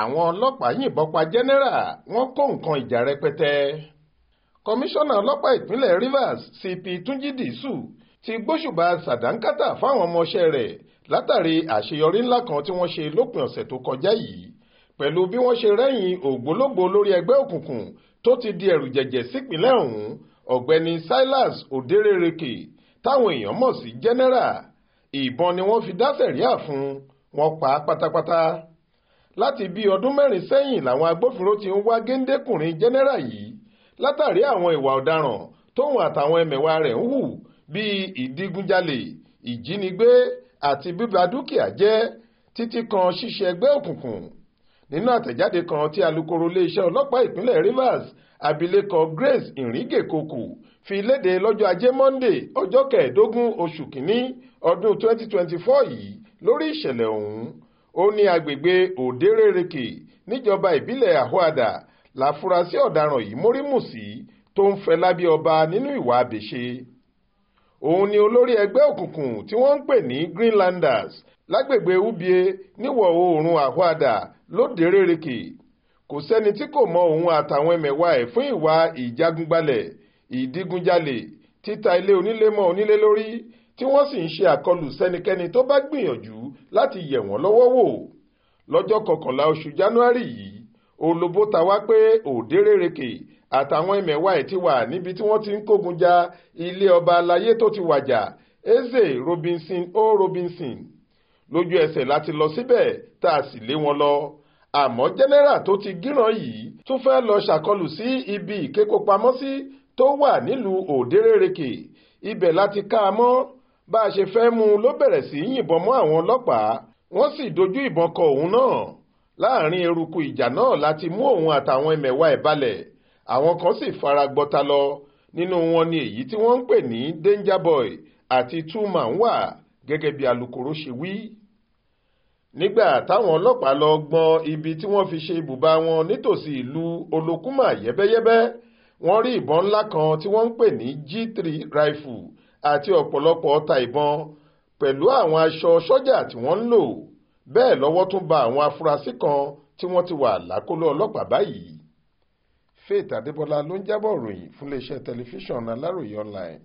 àwọn ọlọ́pàá yìnbọn pa jẹ́nẹ́rà wọ́n kó nǹkan ìjà rẹpẹtẹ. kọmíṣánná ọlọ́pàá ìpínlẹ̀ Rivers CP Túnjí Dìísù ti gbóṣùbà sàdánkátà fáwọn ọmọọṣẹ́ rẹ̀ látàrí àṣeyọrí ńlá kan tí wọ́n ṣe lópin ọ̀sẹ̀ tó kọjá yìí pẹ̀lú bí wọ́n ṣe rẹ́yìn ògbólógbòó lórí ẹgbẹ́ òkùnkùn tó ti di ẹ̀rù jẹ̀jẹ̀ sípínlẹ̀ ọ̀hún ọ̀gbẹ́ni Silas Oderereke táwọn èèyàn mọ̀ sí jẹ́nẹ́rà ìbọn ni wọ́n fi dá sẹ̀ríà fún wọn pa pátápátá láti bíi ọdún mẹ́rin sẹ́yìn làwọn agbófinró ti ń wá géńdékùnrin jẹ́nẹ́rà yìí látàrí àwọn ìwà ọ̀daràn tóun àtàwọn ẹmẹ̀wà rẹ̀ ń hù bíi ìdígunjalè ìjínigbé àti bíba dúkìá jẹ́ títí kan ṣíṣe ẹgbẹ́ òkùnkùn nínú àtẹ̀jáde kan tí alukoro iléeṣẹ́ ọlọ́pàá ìpínlẹ̀ Rivers abilékọ Grace Iringekoko fi léde lọ́jọ́ ajé Monday ọjọ́ kẹẹ̀ẹ́dógún oṣù kínní ọdún 2024 yìí lórí ìṣẹ̀lẹ̀ ọ̀hún ó ní agbègbè òdérèrèkè níjọba ìbílẹ̀ àhóàdà láfúrásì ọ̀daràn yìí mórímù sí tó ń fẹ́ lábẹ́ ọba nínú ìwà àbèṣe òun ni olórí ẹgbẹ́ òkùnkùn tí wọ́n ń pè ní Greenlanders lágbègbè ubie níwọ̀ oòrùn àhóàdà lódérèrèkè kò sẹ́ni tí kò mọ òun àtàwọn ẹ̀mẹ̀wá ẹ̀ fún ìwà ìjagungbalẹ̀ ìdígunjalè títa ilé onílé mọ́ onílé lórí tí wọ́n sì ń ṣe àkọlù sẹ́nikẹ́ni tó bá gbìyànjú láti yẹ̀ wọ́n lọ́wọ́ wò lọ́jọ́ kọkànlá oṣù january yìí olóbó ta wá pé òdérèrèkè àtàwọn ẹmẹ̀wà ẹ̀ ti wà níbi tí wọ́n ti ń kógun ja ilé ọba alayé tó ti wàjà eze robinson o robinson lójú ẹsẹ̀ láti lọ síbẹ̀ tá a sì lé wọn lọ àmọ́ jẹ́nẹ́rà tó ti gíràn yìí tún fẹ́ lọ ṣàkọlù sí ibi ìkékòpamọ́sí tó wà nílùú òdérèrèkè ibẹ̀ láti ká a mọ́ bá a ṣe fẹ́ mú un ló bẹ̀rẹ̀ sí í yìnbọn mọ́ àwọn ọlọ́pàá wọ́n sì dojú ìbọn kọ òun náà láàrin eruku ìjà náà láti mú òun àtàwọn ẹmẹ̀wà ẹ̀ balẹ̀ àwọn kan sì fara gbọta lọ nínú wọn ni èyí tí wọ́n ń pè ní danger boy àti two man wà gẹ́gẹ́ bí alukoro ṣe wí nígbà táwọn ọlọ́pàá lọ gbọ́n ibi tí wọ́n fi ṣe ibùba wọn nítòsí ìlú olókùmà yẹ́bẹ́yẹ́bẹ́ wọ́n rí ìbọn ńlá kan tí wọ́n ń pè ní g3 rifle àti ọ̀pọ̀lọpọ̀ ọta ìbọn pẹ̀lú àwọn aṣọ sọ́jà tí wọ́n ń lò bẹ́ẹ̀ lọ́wọ́ tún ba àwọn afurasí kan tí wọ́n ti wà lákọlò ọlọ́pàá báyìí Faith Adébọlá ló ń jábọ̀ ròyìn fún iléeṣẹ́ tẹlifíṣàn Aláròyé online